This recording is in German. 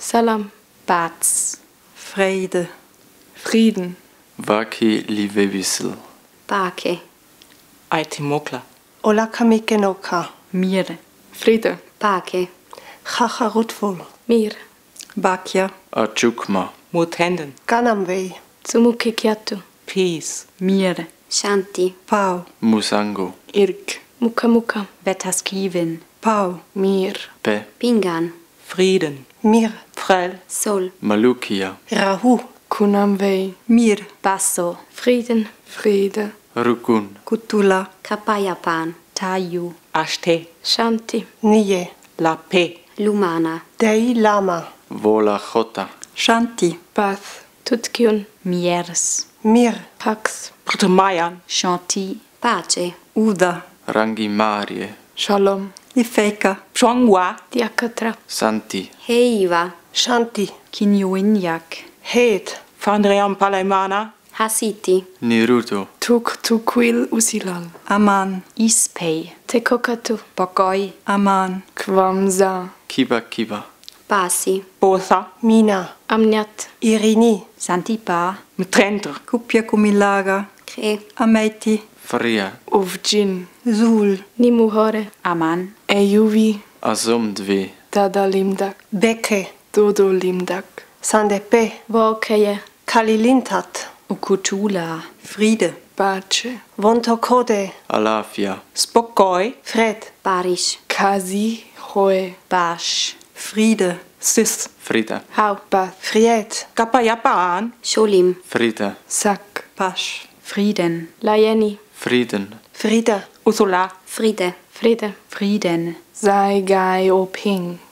Salam, Bats. Freide. Frieden. Vaki livewisel. Pake. Aitimokla. Olakamikenoka. Mire. Friede. Pake. Chacharutful. Mir. Bakia. Achukma. Mutenden. Kanamwei. Tsumukikiatu. Peace. Mire. Shanti. Pau. Musango. Irk. Mukamuka. Vetaskivin. Pau. Mir. Pe. Pingan. Frieden. Mir. Israel, Sol, Malukia, Rahu, Kunamwei, Mir, Basso, Frieden, Friede, Rukun, Kutula, Kapayapan, Tayu, Ashte, Shanti, Nye, La Paix, Lumana, Dei Lama, Vola Chota, Shanti, Path, Tutkyun, Miers, Mir, Pax, Prutumayan, Shanti, Pace, Uda, Rangi Marie, Shalom, Ifeka, Chongwa, Diakatra, Santi, Heiva, Shanti, Kinyoin Yak, Het, Fandriam Palaimana, Hasiti, Niruto, Tuk Tukwil Usilal, Aman, Ispei, Tekokatu, Bokoi, Aman, Kwamza, Kiba Kiba, Pasi, Bosa, Mina, Amnat, Irini, Santipa, Mtrentr, Kupia Kumilaga, Kre, Ameti, Faria, Uvjin, Zul, Nimuhore, Aman, Ejuvi, Azumdvi, Dadalimdak, Beke, Dodo Limdak, Sandepe, Vokeye, Kalilintat, Ukutula, Friede, Bace, Vontokode, Alafia, Spokoi, Fred, Barisch. Kasi, Hoe, Basch, Friede, Sis, Friede, Haupa, Fried, Kapayapan, Scholim, Friede, Sack, Pasch, Frieden, Lajeni, Frieden, Friede, Ursula, Friede, Friede, Frieden, Sei Gai Oping.